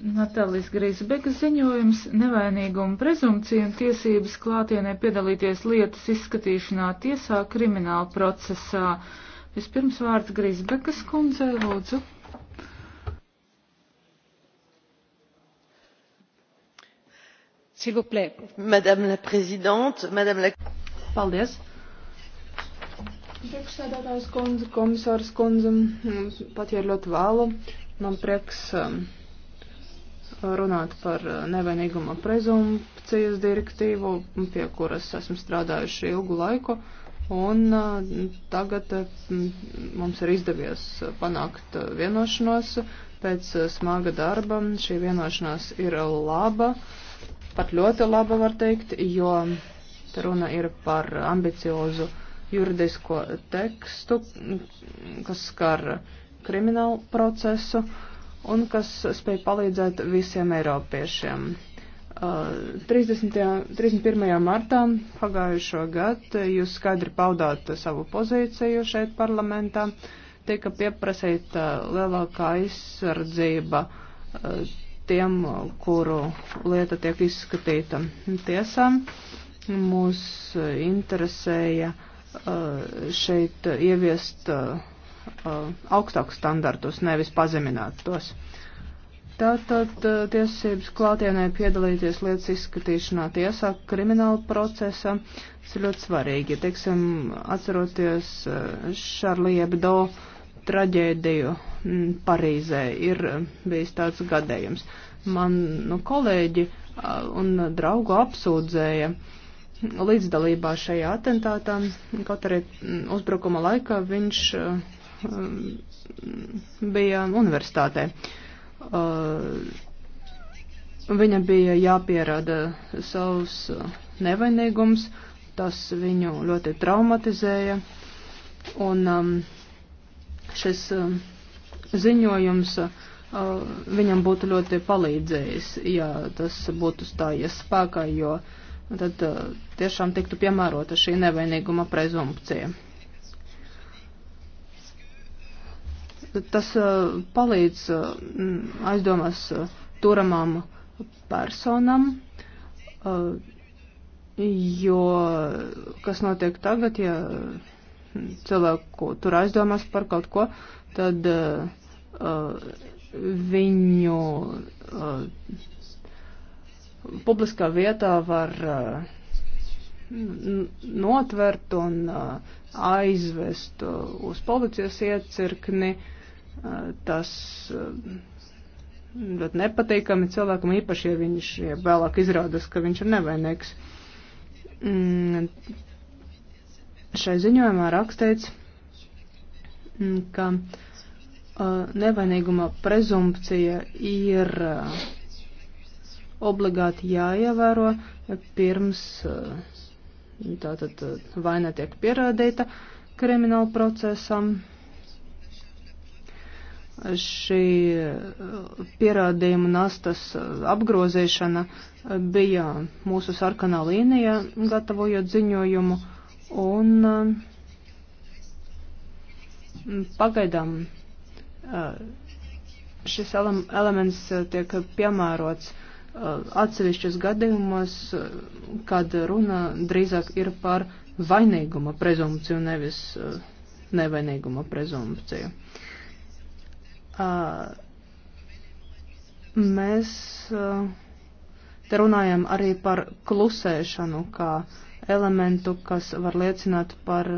Natālijas Grīsbekas ziņojums nevainīguma prezumcija un tiesības klātienē piedalīties lietas izskatīšanā tiesā krimināla procesā. Vispirms vārds Grīsbekas kundzei, lūdzu. Madame la Présidente, Madame la... Paldies. Priekšsēdētājs kundze, komisārs kundze, pat ja ir ļoti vēlu, man prieks. Um, runāt par nevainīguma prezumpcijas direktīvu, pie kuras esmu strādājuši ilgu laiku, un tagad mums ir izdevies panākt vienošanos. Pēc smaga darba šī vienošanās ir laba, pat ļoti laba var teikt, jo te runa ir par ambiciozu juridisko tekstu, kas skar kriminālu procesu. Uh, un kas spēj palīdzēt visiem eiropiešiem. 30. Uh, 31. martā pagājušo gadu jūs skaidri paudāt savu pozīciju šeit parlamentā, tika pieprasīta lielākā aizsardzība uh, tiem, kuru lieta tiek izskatīta tiesā. Mūs interesēja uh, šeit ieviest Uh, augstākus standartus, nevis pazemināt tos. Tātad uh, tiesības klātienē piedalīties lietas izskatīšanā tiesā krimināla procesa, tas ir ļoti svarīgi. Teiksim, atceroties uh, Šarlija Bdo traģēdiju mm, Parīzē, ir bijis tāds gadējums. Man nu, kolēģi un draugu apsūdzēja līdzdalībā šajā atentātā, kaut arī mm, uzbrukuma laikā viņš Um, bija universitātē. Uh, viņa bija jāpierada savs uh, nevainīgums, tas viņu ļoti traumatizēja, un um, šis um, ziņojums uh, viņam būtu ļoti palīdzējis, ja tas būtu stājies spēkā, jo tad tiešām tiktu piemērota šī nevainīguma prezumpcija. Tas palīdz aizdomās turamām personam, jo kas notiek tagad, ja cilvēku tur aizdomās par kaut ko, tad viņu publiskā vietā var notvert un aizvest uz policijas iecirkni. Uh, Tas eh, ļoti nepatīkami cilvēkam, īpaši, ja viņš ja vēlāk izrādās, ka viņš ir nevainīgs. Mm, šai ziņojumā rakstīts, mm, ka eh, nevainīguma prezumpcija ir eh, obligāti jāievēro pirms tātad vaina tiek pierādīta krimināla procesam šī uh, pierādījuma nastas uh, apgrozēšana uh, bija mūsu sarkanā līnija, gatavojot ziņojumu, un pagaidām šis elements tiek piemērots atsevišķos gadījumos, kad runa drīzāk ir par vainīguma prezumpciju, nevis nevainīguma prezumpciju. Uh, Mēs te runājam arī par klusēšanu kā elementu, kas var liecināt par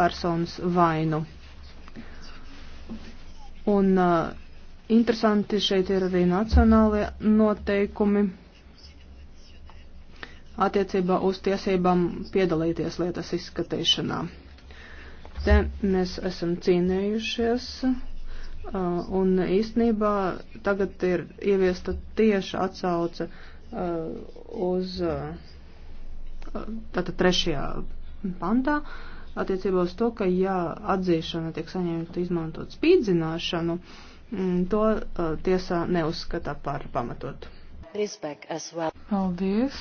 personas vainu. Un interesanti šeit ir arī nacionālie noteikumi attiecībā uz tiesībām piedalīties lietas izskatīšanā. Te mēs esam cīnējušies. Un īstenībā tagad ir ieviesta tieša atsauce uh, uz uh, tātad trešajā pantā attiecībā uz to, ka ja atzīšana tiek saņemta izmantot spīdzināšanu, mm, to uh, tiesā neuzskata par pamatotu. Paldies!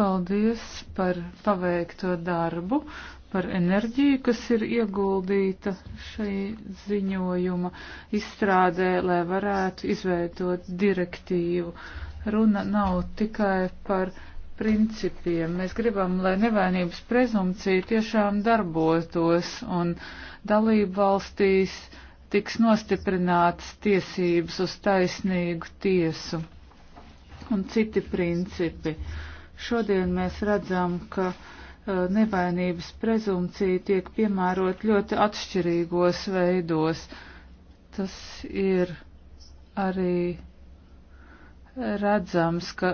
Paldies par paveikto darbu par enerģiju, kas ir ieguldīta šai ziņojuma izstrādē, lai varētu izveidot direktīvu. Runa nav tikai par principiem. Mēs gribam, lai nevainības prezumcija tiešām darbotos un dalību valstīs tiks nostiprinātas tiesības uz taisnīgu tiesu un citi principi. Šodien mēs redzam, ka uh, Uh, nevainības prezumcija tiek piemērot ļoti atšķirīgos veidos. Tas ir arī redzams, ka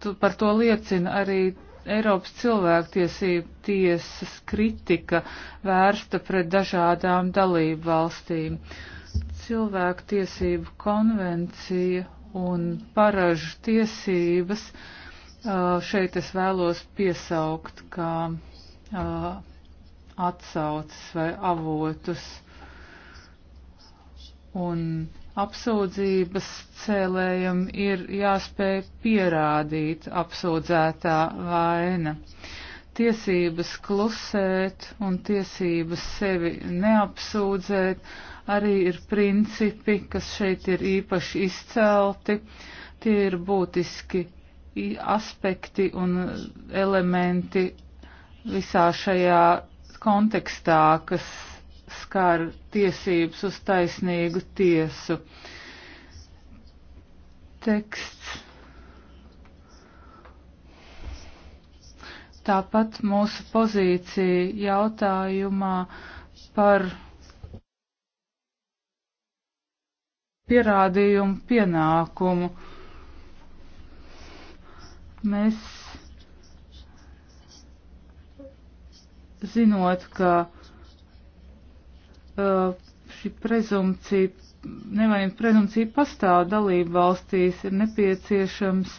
tu, par to liecina arī Eiropas cilvēktiesību tiesas kritika vērsta pret dažādām dalību valstīm. Cilvēktiesību konvencija un paražu tiesības uh, Uh, šeit es vēlos piesaukt, kā uh, atsaucas vai avotus un apsūdzības cēlējiem ir jāspēj pierādīt apsūdzētā vaina. Tiesības klusēt un tiesības sevi neapsūdzēt arī ir principi, kas šeit ir īpaši izcelti. Tie ir būtiski aspekti un elementi visā šajā kontekstā, kas skar tiesības uz taisnīgu tiesu. Teksts. Tāpat mūsu pozīcija jautājumā par pierādījumu pienākumu. Mēs zinot, ka uh, šī prezumcija, nevainības prezumcija pastāv dalību valstīs, ir nepieciešams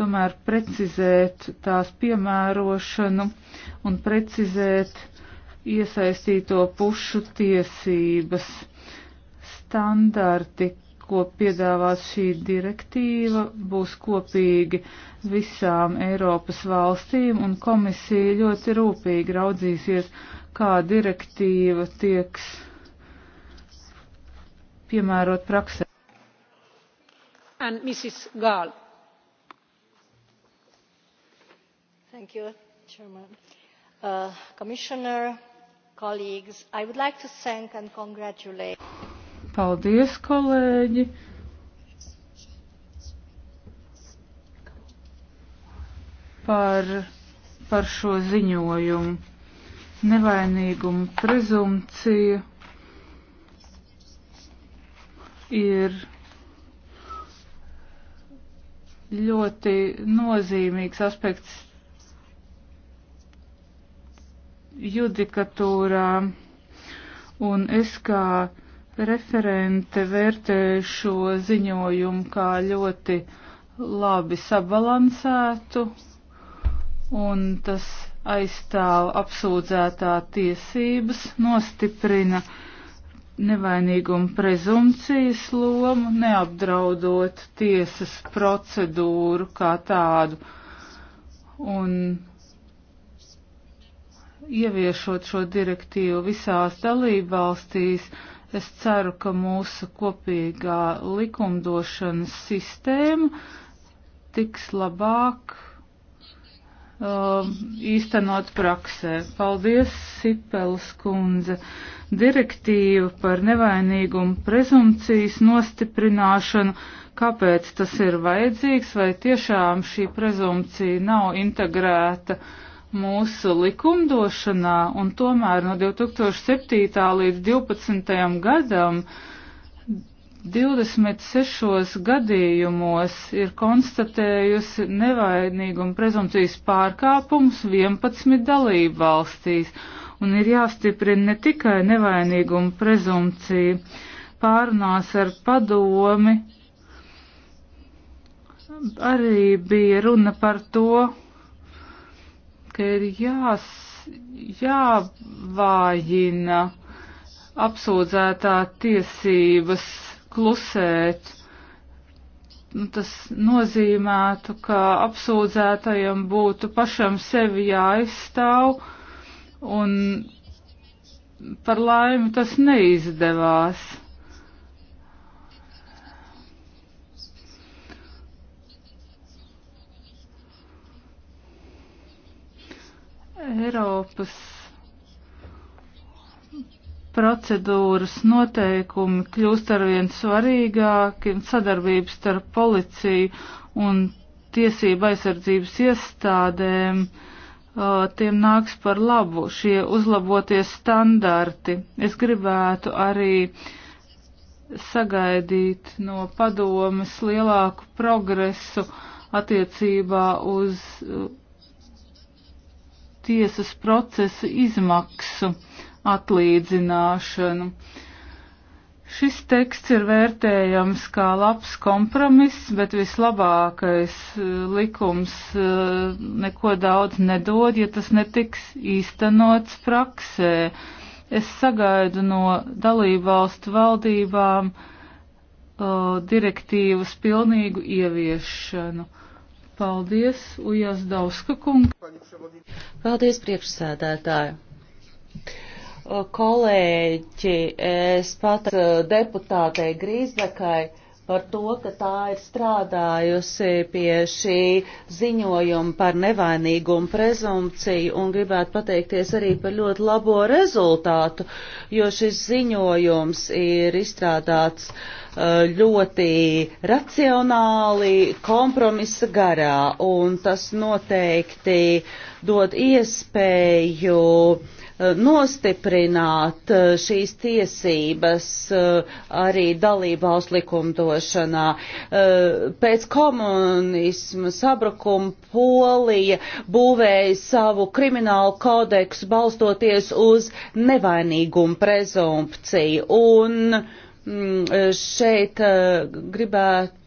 tomēr precizēt tās piemērošanu un precizēt iesaistīto pušu tiesības. Standarti, ko piedāvās šī direktīva, būs kopīgi visām Eiropas valstīm, un komisija ļoti rūpīgi raudzīsies, kā direktīva tieks piemērot praksē. And Mrs. Gall. Thank you, Chairman. Uh, Commissioner, colleagues, I would like to thank and congratulate. Paldies, kolēģi! Par, par šo ziņojumu. Nevainīguma prezumcija ir ļoti nozīmīgs aspekts judikatūrā, un es kā Referente vērtē šo ziņojumu kā ļoti labi sabalansētu, un tas aizstāv apsūdzētā tiesības, nostiprina nevainīguma prezumcijas lomu, neapdraudot tiesas procedūru kā tādu. Un ieviešot šo direktīvu visās dalībvalstīs, Es ceru, ka mūsu kopīgā likumdošanas sistēma tiks labāk um, īstenot praksē. Paldies, Sipels kundze. Direktīva par nevainīgumu prezumcijas nostiprināšanu. Kāpēc tas ir vajadzīgs? Vai tiešām šī prezumcija nav integrēta mūsu likumdošanā, un tomēr no 2007. līdz 2012. gadam 26 gadījumos ir konstatējusi nevainīguma prezumcijas pārkāpumus 11 dalību valstīs, un ir jāstiprina ne tikai nevainīguma prezumcija, pārunās ar padomi, arī bija runa par to, ka ir jās, jāvājina apsūdzētā tiesības klusēt. Nu, tas nozīmētu, ka apsūdzētajam būtu pašam sevi jāizstāv, un par laimi tas neizdevās. Eiropas procedūras noteikumi kļūst arvien svarīgāki un sadarbības starp policiju un tiesība aizsardzības iestādēm tiem nāks par labu šie uzlabotie standarti. Es gribētu arī sagaidīt no padomas lielāku progresu attiecībā uz tiesas procesa izmaksu atlīdzināšanu. Šis teksts ir vērtējams kā labs kompromiss, bet vislabākais eh, likums eh, neko daudz nedod, ja tas netiks īstenots praksē. Es sagaidu no dalību valstu valdībām eh, direktīvas pilnīgu ieviešanu. Paldies, Ujas Dauska kunga. Paldies, priekšsēdētāju. Kolēģi, es pat deputātei Grīzbekai par to, ka tā ir strādājusi pie šī ziņojuma par nevainīgumu prezumciju un gribētu pateikties arī par ļoti labo rezultātu, jo šis ziņojums ir izstrādāts uh, Eh, ļoti racionāli kompromisa garā, un tas noteikti dod iespēju eh, nostiprināt eh, šīs tiesības arī dalībvalsts likumdošanā. Pēc komunismu sabrukuma Polija būvēja savu kriminālu kodeksu balstoties uz nevainīgumu prezumpciju. Un Mm, eh, šeit eh, gribētu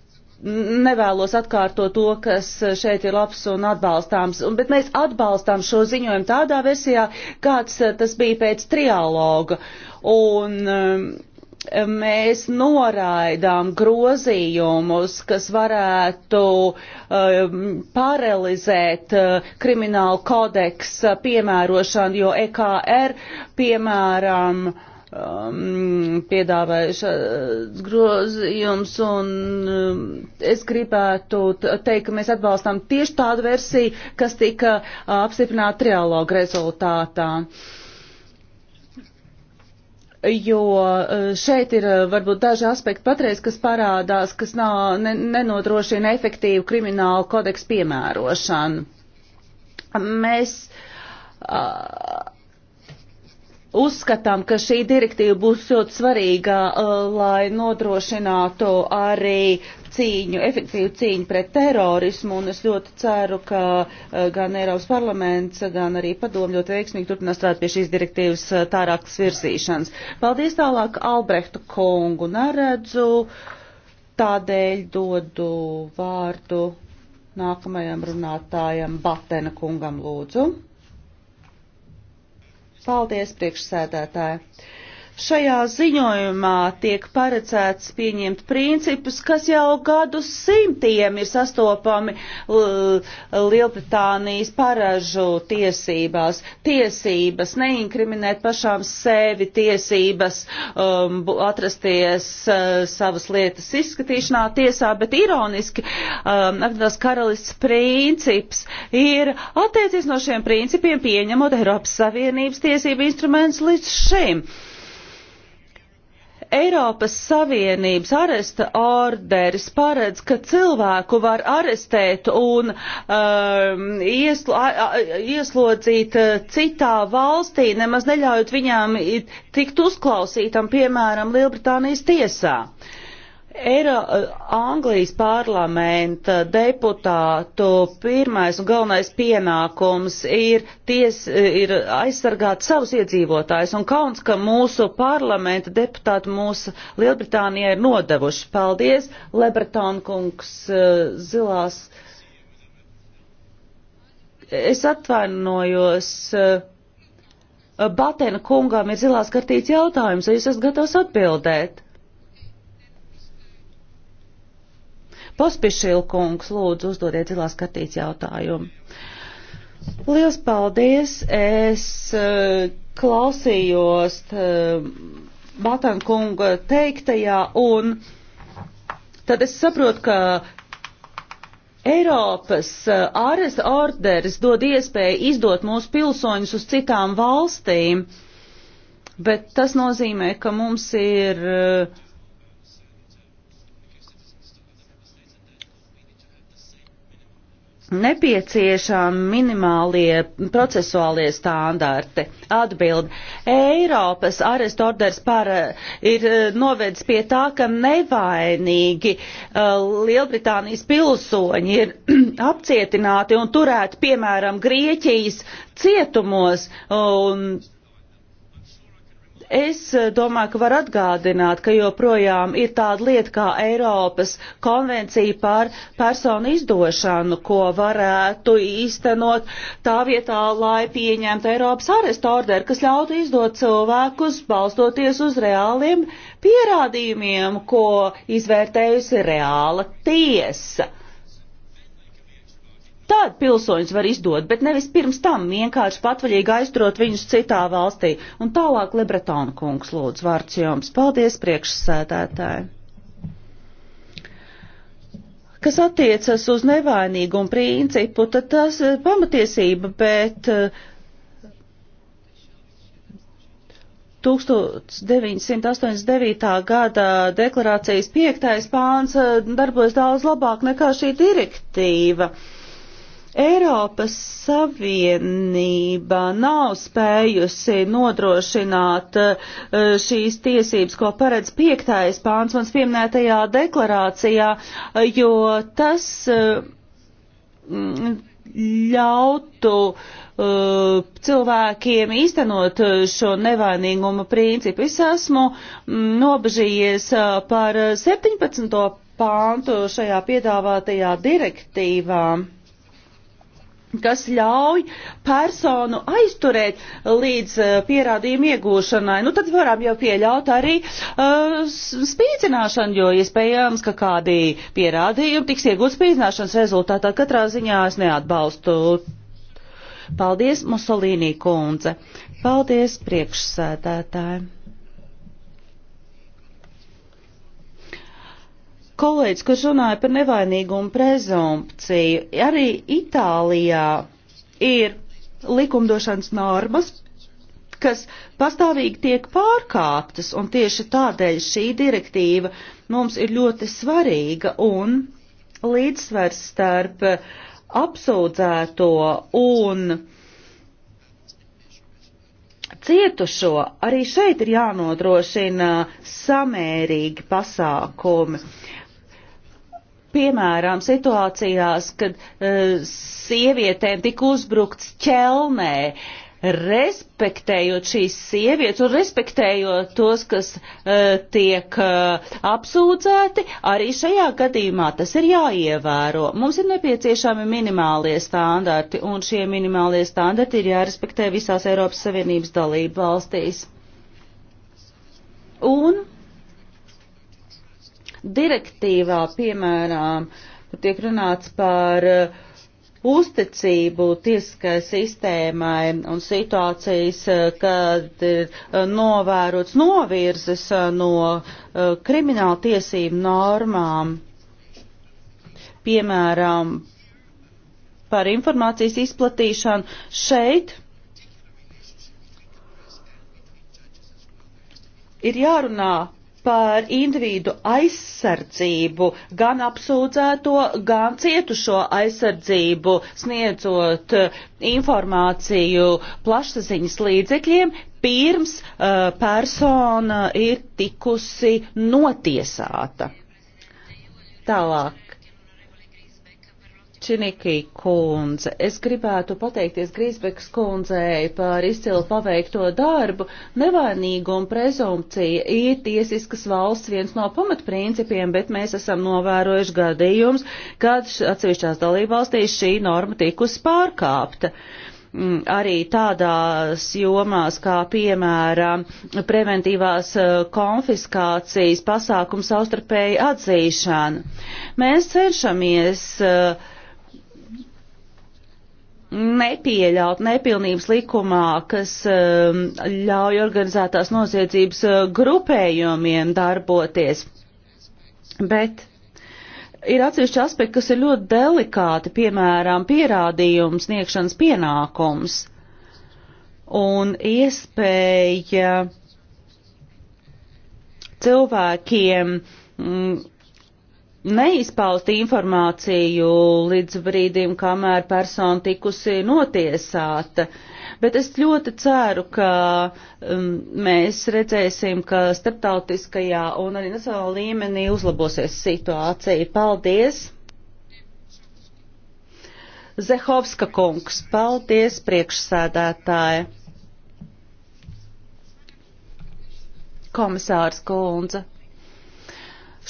nevēlos atkārtot to, kas eh, šeit ir labs un atbalstāms, un, bet mēs atbalstām šo ziņojumu tādā versijā, kāds tas bija pēc trialoga. Un, um, mēs noraidām grozījumus, kas varētu um, paralizēt uh, kriminālu kodeksa piemērošanu, jo EKR, piemēram, uh, um, piedāvāja šāds uh, grozījums, un um, es gribētu teikt, ka mēs atbalstām tieši tādu versiju, kas tika uh, apstiprināta trialoga rezultātā. Uh, jo šeit ir uh, varbūt daži aspekti patreiz, kas parādās, kas nav, ne, nenodrošina efektīvu kriminālu kodeksu piemērošanu. Mēs uh, Uzskatām, ka šī direktīva būs ļoti svarīga, uh, lai nodrošinātu arī cīņu, efektīvu cīņu pret terorismu, un es ļoti ceru, ka uh, gan Eiropas parlaments, gan arī padomu ļoti veiksmīgi turpinās strādāt pie šīs direktīvas uh, tārākas virzīšanas. Paldies tālāk Albrehtu kungu neredzu, tādēļ dodu vārdu nākamajam runātājam Batena kungam lūdzu. Paldies, priekšsēdētāji! Šajā ziņojumā tiek paredzēts pieņemt principus, kas jau gadu simtiem ir sastopami Lielbritānijas paražu tiesībās. Tiesības neinkriminēt pašām sevi, tiesības um, atrasties uh, savas lietas izskatīšanā tiesā, bet ironiski um, Agnēs Karalists princips ir attiecies no šiem principiem pieņemot Eiropas Savienības tiesību instrumentus līdz šim. Uh, Eiropas Savienības aresta orderis paredz, ka cilvēku var arestēt un um, ieslo, ieslodzīt uh, citā valstī, nemaz neļaujot viņām tikt uzklausītam, piemēram, Lielbritānijas tiesā. Uh, Eiro, Anglijas parlamenta deputātu pirmais un galvenais pienākums ir, ties, ir aizsargāt savus iedzīvotājus, un kauns, ka mūsu parlamenta deputāti mūsu Lielbritānijai ir nodevuši. Paldies, Lebretonkungs zilās. Es atvainojos. Batena kungām ir zilās kartīts jautājums, vai jūs esat gatavs atbildēt? Pospišilkungs, lūdzu, uzdodiet zilās kartītes jautājumu. Liels paldies! Es uh, klausījos uh, Batankunga teiktajā un tad es saprotu, ka Eiropas eh, āresta orders dod iespēju izdot mūsu pilsoņus uz citām valstīm, bet tas nozīmē, ka mums ir uh, nepieciešami minimālie procesuālie standarti. Atbild. Eiropas arest orders par, eh, ir eh, novedis pie tā, ka nevainīgi eh, Lielbritānijas pilsoņi ir apcietināti un turēti, piemēram, Grieķijas cietumos. Un, Es eh, domāju, ka var atgādināt, ka joprojām ir tāda lieta kā Eiropas konvencija par personu izdošanu, ko varētu īstenot tā vietā, lai pieņemtu Eiropas arestu orderu, kas ļautu izdot cilvēkus balstoties uz reāliem pierādījumiem, ko izvērtējusi reāla tiesa tad pilsoņus var izdot, bet nevis pirms tam vienkārši patvaļīgi aizturot viņus citā valstī. Un tālāk Lebretona kungs lūdzu vārds jums. Paldies priekšsēdētāji! Kas attiecas uz nevainīgumu principu, tad tas ir eh, pamatiesība, bet uh, eh, 1989. gada deklarācijas piektais pāns eh, darbojas daudz labāk nekā šī direktīva. Uh, Eiropas Savienība nav spējusi nodrošināt eh, šīs tiesības, ko paredz piektais pāns mans pieminētajā deklarācijā, jo tas eh, ļautu eh, cilvēkiem īstenot šo nevainīguma principu. Es esmu nobežījies par 17. pāntu šajā piedāvātajā direktīvā kas ļauj personu aizturēt līdz uh, eh, pierādījumu iegūšanai. Nu, tad varam jau pieļaut arī uh, spīdzināšanu, jo iespējams, ka kādi pierādījumi tiks iegūt spīdzināšanas rezultātā. Katrā ziņā es neatbalstu. Paldies, Musolīnī kundze. Paldies, priekšsēdētāji. kolēģis, kurš runāja par nevainīgumu prezumpciju, arī Itālijā ir likumdošanas normas, kas pastāvīgi tiek pārkāptas, un tieši tādēļ šī direktīva mums ir ļoti svarīga un līdzsvers starp apsūdzēto un cietušo arī šeit ir jānodrošina samērīgi pasākumi. Piemēram, situācijās, kad uh, sievietēm tika uzbrukts ķelnē, uh, respektējot šīs sievietes un respektējot tos, kas uh, tiek uh, apsūdzēti, arī šajā gadījumā tas ir jāievēro. Mums ir nepieciešami minimālie standarti, un šie minimālie standarti ir jārespektē visās Eiropas Savienības dalību valstīs. Un direktīvā, piemēram, tiek runāts par uh, uzticību tiesiskai sistēmai un situācijas, uh, kad ir uh, novērots novirzes no krimināla tiesību normām, piemēram, par informācijas izplatīšanu šeit. Ir jārunā par individu aizsardzību, gan apsūdzēto, gan cietušo aizsardzību, sniedzot eh, informāciju plašsaziņas līdzekļiem, pirms uh, persona ir tikusi notiesāta. Tālāk Činikī kundze. Es gribētu pateikties Grīsbekas kundzei par izcilu paveikto darbu. Nevainīguma prezumpcija ir tiesiskas valsts viens no pamatprincipiem, bet mēs esam novērojuši gadījums, kad atsevišķās dalībvalstīs šī norma tikus pārkāpta mm, arī tādās jomās kā piemēram preventīvās e, konfiskācijas pasākums savstarpēji atzīšana. Mēs cenšamies uh, nepieļaut nepilnības likumā, kas um, ļauj organizētās noziedzības uh, grupējumiem darboties. Bet ir atsevišķi aspekti, kas ir ļoti delikāti, piemēram, pierādījums sniegšanas pienākums un iespēja cilvēkiem mm, neizpaust informāciju līdz brīdim, kamēr persona tikusi notiesāta. Bet es ļoti ceru, ka um, mēs redzēsim, ka starptautiskajā un arī nacionālā līmenī uzlabosies situācija. Paldies! Zehovska kungs, paldies priekšsēdētāja. Komisārs Kulundze.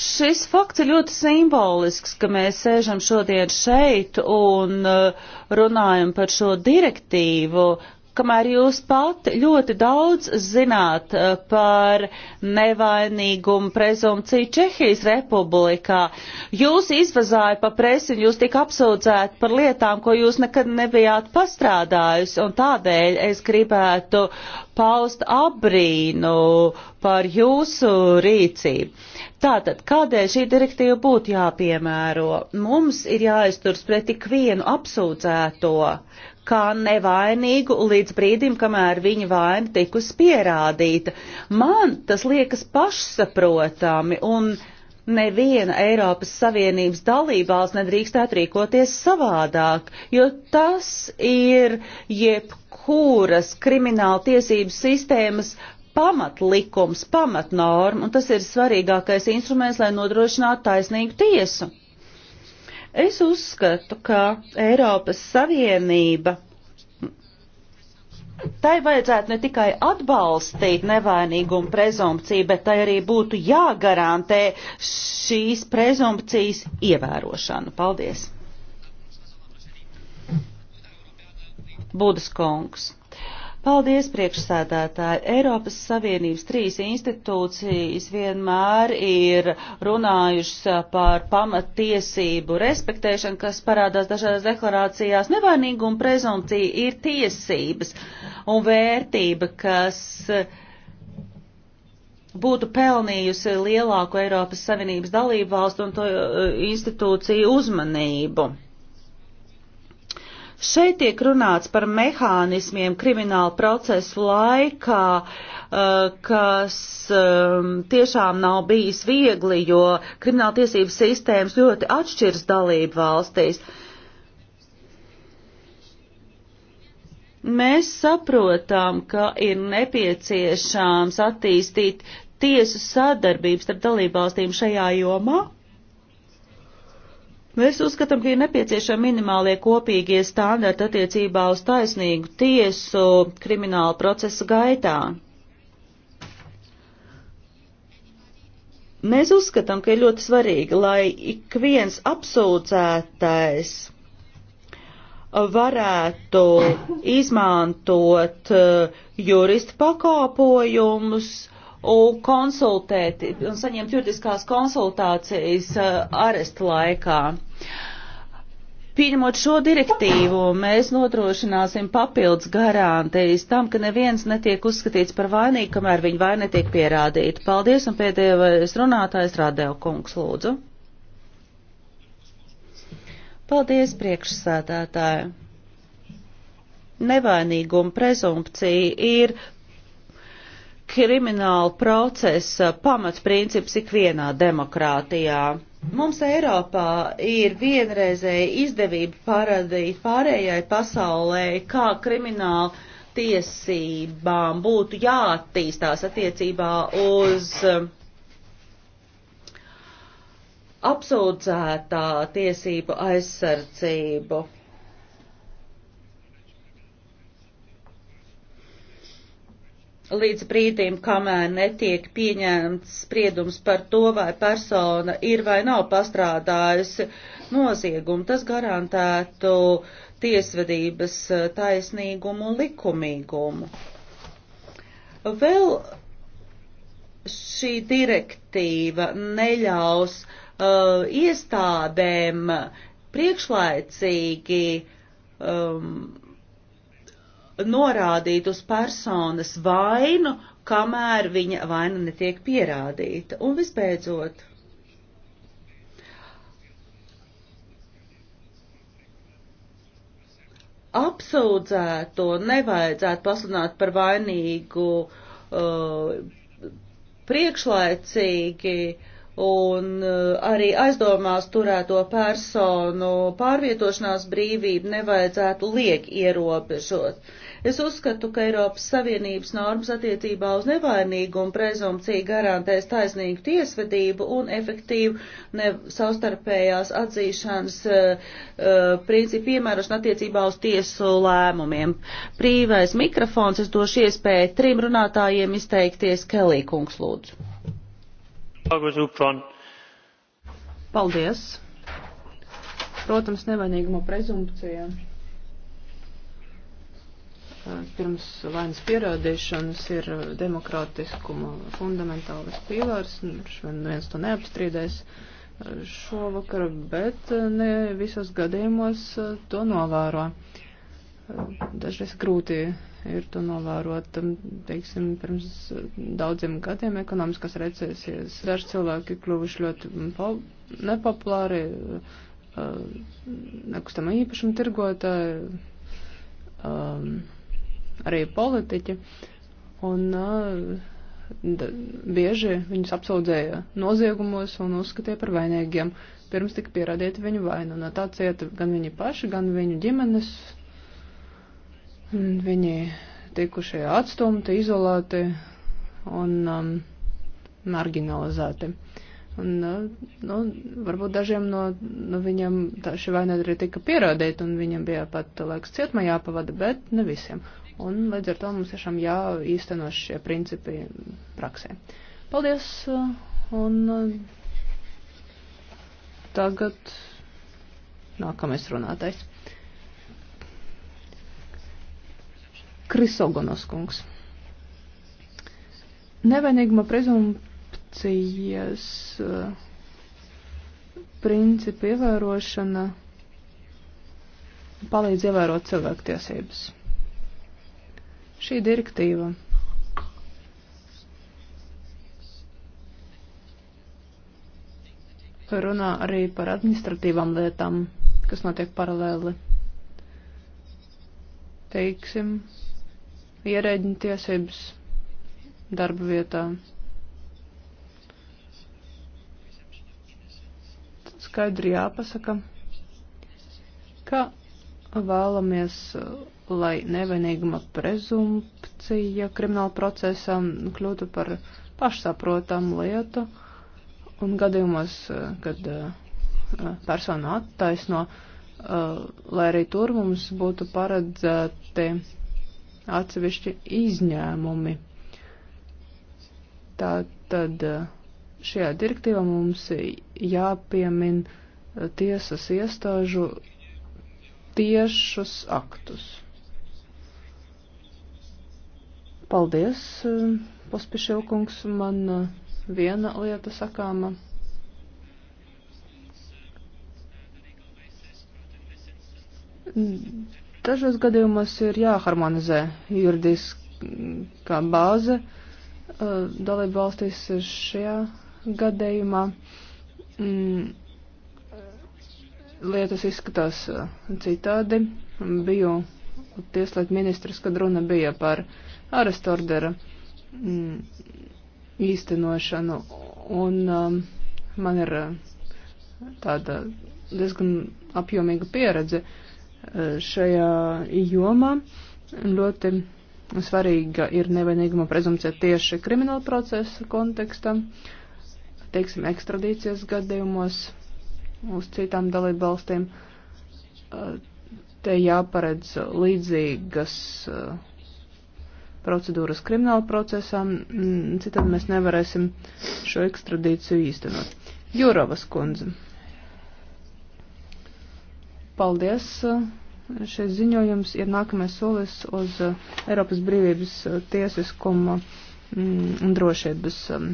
Šis fakts ir ļoti simbolisks, ka mēs sēžam šodien šeit un uh, runājam par šo direktīvu, kamēr jūs pati ļoti daudz zināt eh, par nevainīgumu prezumciju Čehijas republikā. Jūs izvazāja pa presi un jūs tika apsūdzēti par lietām, ko jūs nekad nebijāt pastrādājusi, un tādēļ es gribētu paust apbrīnu par jūsu rīcību. Tātad, kādēļ šī direktīva būtu jāpiemēro? Mums ir jāizturs pret ikvienu apsūdzēto, kā nevainīgu līdz brīdim, kamēr viņa vaina tikus pierādīta. Man tas liekas pašsaprotami, un neviena Eiropas Savienības dalībvalsts nedrīkstētu rīkoties savādāk, jo tas ir jebkuras krimināla tiesības sistēmas pamatlikums, pamatnorma, un tas ir svarīgākais instruments, lai nodrošinātu taisnīgu tiesu. Es uzskatu, ka Eiropas Savienība tai vajadzētu ne tikai atbalstīt nevainīgumu prezumpciju, bet tai arī būtu jāgarantē šīs prezumpcijas ievērošanu. Paldies! Budas kungs. Paldies, priekšsēdētāji! Eiropas Savienības trīs institūcijas vienmēr ir runājušas par pamatiesību respektēšanu, kas parādās dažādās deklarācijās. Nevainīguma prezumcija ir tiesības un vērtība, kas būtu pelnījusi lielāku Eiropas Savienības dalību valstu un to uh, institūciju uzmanību. Šeit tiek runāts par mehānismiem krimināla procesa laikā, eh, kas ehm, tiešām nav bijis viegli, jo krimināla tiesības sistēmas ļoti atšķiras dalību valstīs. Mēs saprotam, ka ir nepieciešams attīstīt tiesu sadarbības starp dalībvalstīm šajā jomā Mēs uzskatām, ka ir nepieciešami minimālie kopīgie standarti attiecībā uz taisnīgu tiesu krimināla procesa gaitā. Mēs uzskatām, ka ir ļoti svarīgi, lai ik viens apsūdzētais varētu izmantot uh, juristu pakāpojumus un konsultēt un saņemt juridiskās konsultācijas uh, aresta laikā. Pieņemot šo direktīvu, mēs nodrošināsim papildus garantijas tam, ka neviens netiek uzskatīts par vainīgu, kamēr viņa vaina netiek pierādīta. Paldies, un pēdējais runātājs Radēv kungs, lūdzu. Paldies, priekšsēdētāji. Nevainīguma prezumpcija ir krimināla procesa pamatprincips ikvienā demokrātijā. Mums Eiropā ir vienreizēja izdevība parādīt pārējai pasaulē, kā krimināla tiesībām būtu jāattīstās attiecībā uz um, apsūdzētā tiesību aizsardzību. līdz brīdim, kamēr netiek pieņemts spriedums par to, vai persona ir vai nav pastrādājusi noziegumu. Tas garantētu tiesvedības eh, taisnīgumu un likumīgumu. Vēl šī direktīva neļaus uh, iestādēm priekšlaicīgi um, norādīt uz personas vainu, kamēr viņa vaina netiek pierādīta. Un visbeidzot, apsūdzēto nevajadzētu pasludināt par vainīgu uh, priekšlaicīgi, uh, un eh, arī aizdomās turēto personu pārvietošanās brīvību nevajadzētu liek ierobežot. Es uzskatu, ka Eiropas Savienības normas attiecībā uz nevainīgumu prezumciju garantēs taisnīgu tiesvedību un efektīvu ne, savstarpējās atzīšanas uh, principu piemērošanu attiecībā uz tiesu lēmumiem. Brīvais mikrofons, es došu iespēju trim runātājiem izteikties Kelī kungs lūdzu. Paldies! Protams, nevainīguma prezumpcija eh, pirms vainas pierādīšanas ir demokrātiskuma fundamentālis pīlārs, nu, viens to neapstrīdēs eh, šovakar, bet eh, ne visos gadījumos to novēro. Dažreiz grūti ir to novērot, um, teiksim, pirms daudziem gadiem ekonomiskas recesijas. Daži cilvēki kļuvuši ļoti nepopulāri, uh, nekustama īpašuma tirgotāji, um, arī politiķi, un uh, bieži viņus apsaudzēja noziegumos un uzskatīja par vainīgiem, pirms tika pierādīta viņu vaina, un no tā cieta gan viņi paši, gan viņu ģimenes Viņi tikuši atstumti, izolēti un um, marginalizēti. Un, uh, nu, varbūt dažiem no, no viņiem šī vaina arī tika pierādīta, un viņiem bija pat laiks cietumā jāpavada, bet ne visiem. Un līdz ar to mums tiešām jāīsteno šie principi praksē. Paldies! Uh, un uh, tagad nākamais runātais. Krisogonos kungs. Nevainīguma prezumpcijas eh, principu ievērošana palīdz ievērot cilvēktiesības. Šī direktīva runā arī par administratīvām lietām, kas notiek paralēli. Teiksim, ierēģiņu tiesības darba vietā. Tad skaidri jāpasaka, ka vēlamies, uh, lai nevainīguma prezumpcija krimināla procesam kļūtu par pašsaprotamu lietu un gadījumos, uh, kad uh, persona attaisno, lai arī tur mums būtu paredzēti atsevišķi izņēmumi. Tā tad eh, šajā direktīvā mums jāpiemin eh, tiesas iestāžu tiešus aktus. Paldies, eh, Pospišilkungs, man viena lieta sakāma. Mm Dažos gadījumos ir jāharmonizē juridiskā bāze uh, dalību valstīs šajā gadījumā. Mm, lietas izskatās uh, citādi. Biju tieslietu ministrs, kad runa bija par arestu ordera mm, īstenošanu. Un um, man ir uh, tāda diezgan apjomīga pieredze uh, šajā jomā. Ļoti svarīga ir nevainīguma prezumcija tieši krimināla procesa kontekstā, teiksim, ekstradīcijas gadījumos uz citām dalību valstīm. Te jāparedz līdzīgas uh, procedūras krimināla procesā, mm, citādi mēs nevarēsim šo ekstradīciju īstenot. Jūrovas kundze. Paldies! Šis ziņojums ir nākamais solis uz uh, Eiropas brīvības uh, tiesiskuma mm, un drošības um,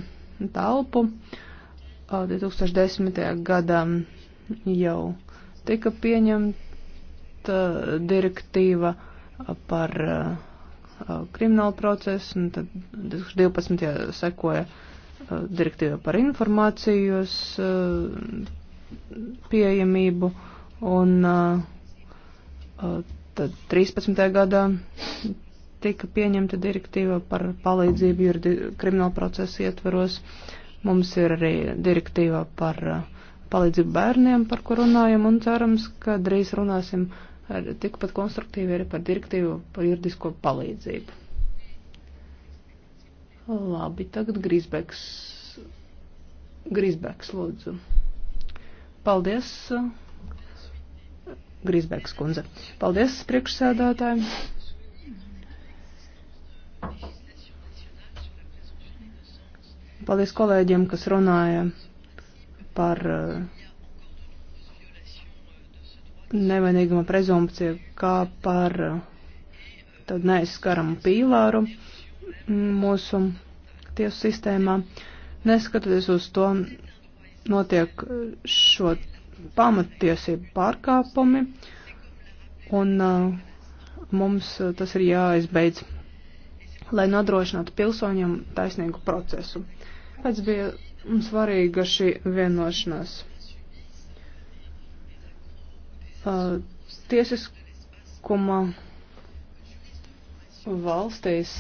telpu. 2010. Uh, gadā jau tika pieņemta direktīva par kriminālu procesu, un tad 2012. sekoja direktīva par informācijas pieejamību Un tad 13. gadā tika pieņemta direktīva par palīdzību jurdi, krimināla procesa ietveros. Mums ir arī direktīva par palīdzību bērniem, par kur runājam, un cerams, ka drīz runāsim ar, tikpat konstruktīvi arī par direktīvu par juridisko palīdzību. Labi, tagad Grisbeks. Grisbeks, lūdzu. Paldies. Grīsbergs kundze. Paldies priekšsēdētājiem. Paldies kolēģiem, kas runāja par uh, nevainīguma prezumpciju, kā par uh, tad neaizskaramu pīlāru mūsu tiesu sistēmā. Neskatoties uz to, notiek uh, šo pamattiesību pārkāpumi, un uh, mums uh, tas ir jāizbeidz, lai nodrošinātu pilsoņiem taisnīgu procesu. Pēc bija mm, svarīga šī vienošanās. Uh, tiesiskuma valstīs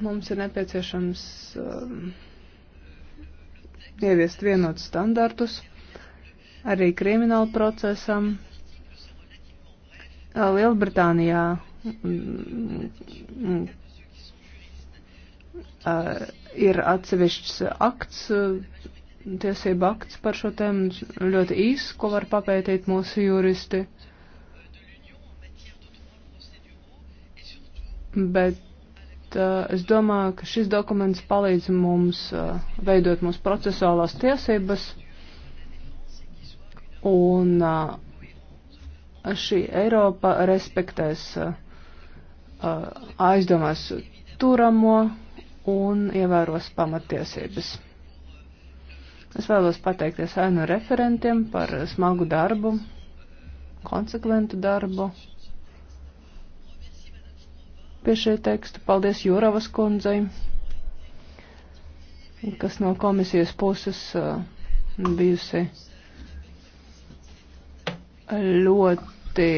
mums ir nepieciešams uh, ieviest vienotus standartus arī krimināla procesam. Lielbritānijā mm, mm, ir atsevišķs akts, tiesība akts par šo tēmu, ļoti īss, ko var papētīt mūsu juristi. Bet Eh, es domāju, ka šis dokuments palīdz mums eh, veidot mūsu procesuālās tiesības. Un eh, šī Eiropa respektēs aizdomās turamo un ievēros pamatiesības. Es vēlos pateikties ainu referentiem par smagu darbu, konsekventu darbu pie šī teksta. Paldies Jūravas kundzei, kas no komisijas puses uh, bijusi ļoti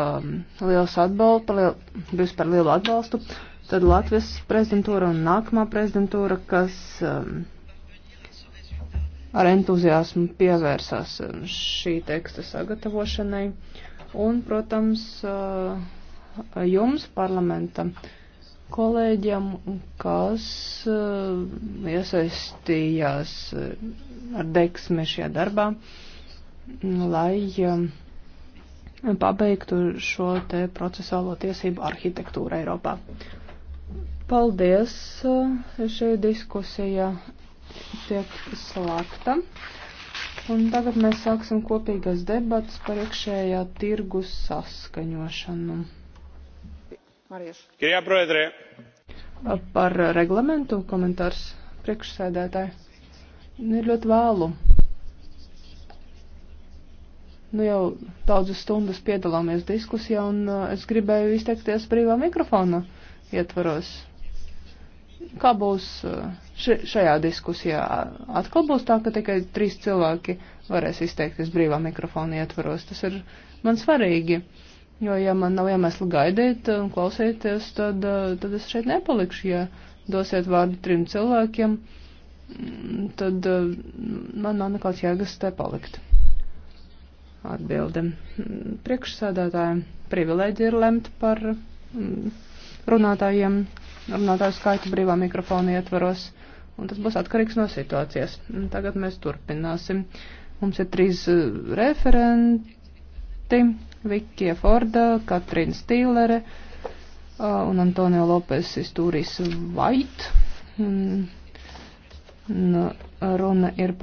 um, liels atbalsts, liel, bijusi par lielu atbalstu. Tad Latvijas prezidentūra un nākamā prezidentūra, kas um, ar entuziasmu pievērsās um, šī teksta sagatavošanai. Un, protams, uh, jums, parlamenta kolēģiem, kas uh, iesaistījās uh, ar deksmi šajā darbā, lai um, pabeigtu šo te procesuālo tiesību arhitektūru Eiropā. Paldies! Uh, šī diskusija tiek slēgta. Un tagad mēs sāksim kopīgas debatas par iekšējā tirgus saskaņošanu. Par reglamentu komentārs priekšsēdētāji. Nu, ir ļoti vēlu. Nu jau daudzas stundas piedalāmies diskusijā un uh, es gribēju izteikties brīvā mikrofona ietvaros. Kā būs uh, šajā diskusijā? Atkal būs tā, ka tikai trīs cilvēki varēs izteikties brīvā mikrofona ietvaros. Tas ir man svarīgi. Uh, Jo, ja man nav iemesla gaidīt un klausīties, tad, eh, tad es šeit nepalikšu. Ja dosiet vārdu trim cilvēkiem, mm, tad eh, man nav nekāds jēgas te palikt. Atbilde. Mm, Priekšsēdētājiem privileģi ir lemt par mm, runātājiem, runātāju skaitu brīvā mikrofona ietvaros, un tas būs atkarīgs no situācijas. Tagad mēs turpināsim. Mums ir trīs eh, referenti Vikija Forda, Katrīna Stīlere un Antonio Lopes Istūris Vait. Un runa ir par